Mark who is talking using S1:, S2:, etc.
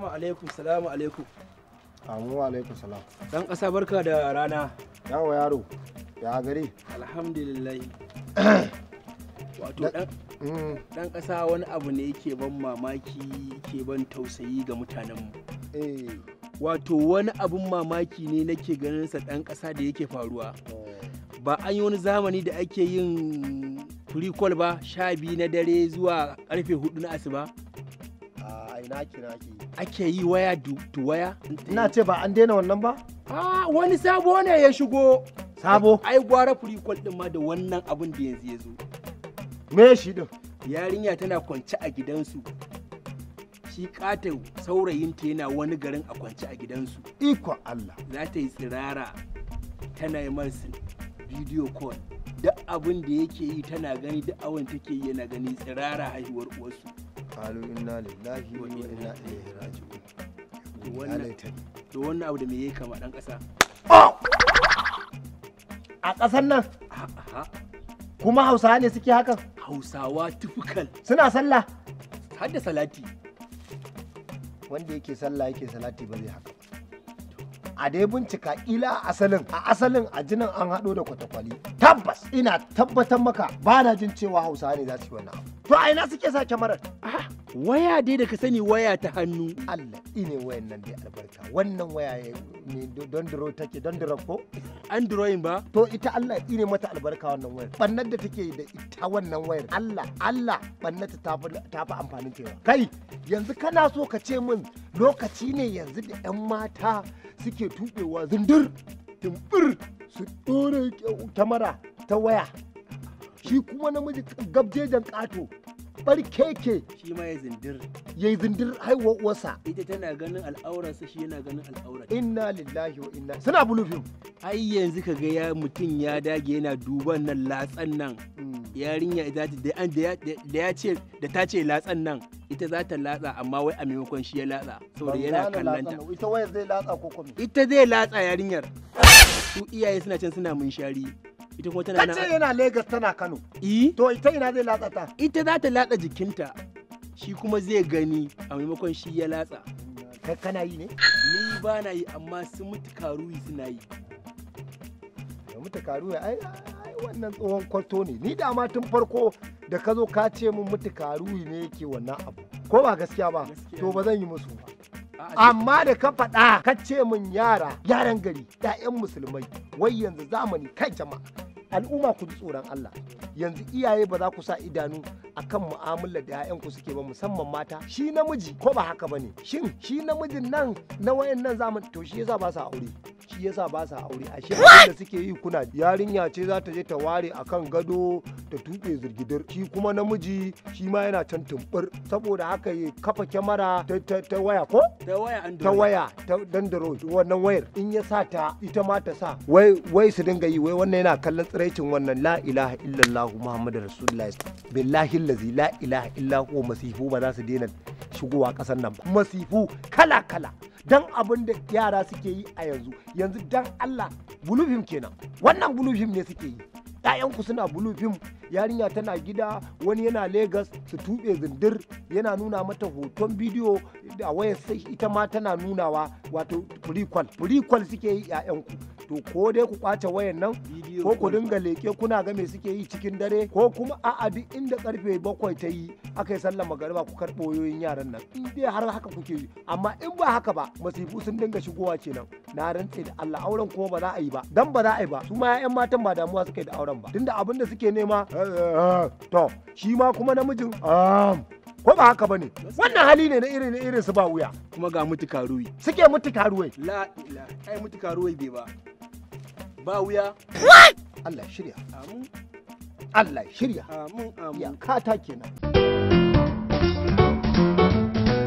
S1: Salamu alaikum, salamu alaikum.
S2: Amu ah, alaikum salam.
S1: Dan ƙasa barka da rana. Yawa yaro, ya gari. Alhamdulillah. Wato ɗan mm. ƙasa wani abu ne yake ban mamaki ke ban tausayi ga mutanenmu. Eh. Wato wani abun mamaki ne nake ganin sa dan ƙasa da yake faruwa. Oh. Ba an yi wani zamani da ake yin free ba sha biyu na dare zuwa karfe hudu na asuba. naki naki ake yi waya to waya na ce ba an daina wannan ba A, wani sabo ne ya shigo sabo ai gwara prequel din ma da wannan abin da yanzu ya zo me shi din yarinya tana kwance a gidansu shi katon saurayinta yana wani garin a kwance a gidansu ikon Allah za ta yi tsirara tana yi masu bidiyo call duk abin da yake yi tana gani duk abin take yi yana gani tsirara haihuwar uwarsu qalu inna lillahi wa inna ilaihi raji'un to wannan abu da me yake kama dan kasa
S2: a kasan nan kuma hausawa ne suke hakan
S1: hausawa
S2: tufukal suna sallah har da salati wanda yake sallah yake salati ba zai haka a dai bincika ila asalin a asalin a jinin an haɗo da kwatakwali tabbas ina tabbatar maka ba na jin cewa hausawa ne za su yi wani abu To a ina suke sa kyamarar? Waya dai da ka sani waya ta hannu. Allah ne wayan nan dai albarka. Wannan waya ne don duro take don duro ko? Android ba? To ita Allah ne mata albarka wannan wayar. Bannar da take da ita wannan wayar. Allah Allah bannata ta fi amfanin cewa. Kai yanzu kana so ka ce min lokaci ne yanzu da 'yan mata suke tuɓewa zundur tumbur su ɗora kyamara ta waya. shi kuma namiji gabjejen ƙato barkeke
S1: shi ma ya zindir
S2: ya yi zindir haihuwar uwarsa ita tana ganin
S1: al'aurarsa shi yana ganin al'aurar inna lillahi wa inna suna bulufin ai yanzu ga ya mutum ya dage yana duban nan latsan nan hmm. yarinya ita da ya ce da ta ce latsan nan ita za ta latsa amma wai a maimakon shi ya latsa saboda yana kallanta
S2: ita waya zai latsa ko kuma
S1: ita zai latsa yarinyar su iyaye suna can suna munshari ita kuma tana kace yana Lagos tana Kano eh to ita ina zai latsa ta ita za ta latsa jikinta shi kuma zai gani a maimakon shi ya latsa kai kana yi ne ni ba na yi amma sun mutu karuwi suna yi
S2: da mutu karuwi ai wannan tsohon kwarto ne ni da ma tun farko da ka zo ka ce mun mutu karuwi ne yake wannan abu ko ba gaskiya ba to ba zan yi musu ba amma da ka faɗa ka ce min yara yaran gari 'ya'yan musulmai wai yanzu zamani kai jama'a al'umma ku ji tsoron Allah yanzu iyaye ba za ku sa idanu akan mu'amalar da 'ya'yanku suke ba musamman mata shi namiji ko ba haka bane shin shi namijin nan na wayannan zamani to shi yasa ba sa aure yasa ba sa aure a shi da suke yi kuna yarinya ce za ta je ta ware a kan gado ta tuɓe zirgidar shi kuma namiji shi ma yana can tumbur saboda haka ya kafa kyamara ta waya ko ta waya ta waya dandaro wannan wayar in ya sa ta ita ma ta sa wai su dinga yi wai wannan yana kallon tsiraicin wannan la ilaha illallah muhammadu rasulullahi billahi lazi la ilaha illa masifu ba za su daina shigowa kasar nan ba masifu kala kala dan abin da yara suke yi a yanzu yanzu dan Allah blue film kenan wannan blue ne suke yi ku suna blue yarinya tana gida wani yana Legas su tuɓe zindir yana nuna mata hoton bidiyo a sai ita ma tana nunawa wato prequel prequel suke yi 'ya'yanku to ko dai ku kwace wayan nan ko ku dinga leke kuna ga me suke yi cikin dare ko kuma a'a abi inda karfe bakwai ta yi aka yi sallar magariba ku karɓo yoyin yaran nan in dai har haka kuke yi amma in ba haka ba masifu sun dinga shigowa kenan na rantse da Allah auren kuma ba za a yi ba dan ba za a yi ba su ma ƴaƴan matan ba damuwa suke da auren ba tunda abin da suke nema to shi ma kuma namijin ko ba haka bane wannan hali ne na irin irin su ba wuya kuma ga mutu
S1: ruwi suke mutu karuwai. la ila ai mutuka ruwai bai ba ba wuya
S2: Allah shirya Allah shirya amin amin ya kata kenan